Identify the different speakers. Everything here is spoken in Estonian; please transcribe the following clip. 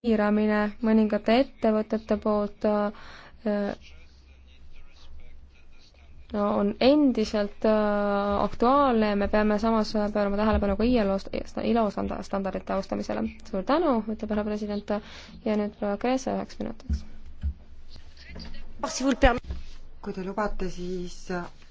Speaker 1: piiramine mõningate ettevõtete poolt no, äh, äh, on endiselt äh, aktuaalne ja me peame samas pöörama tähelepanu ka ILO, ILO standardite austamisele. suur tänu, ütleb härra president ja nüüd proua Kreese üheks minutiks.
Speaker 2: kui te lubate, siis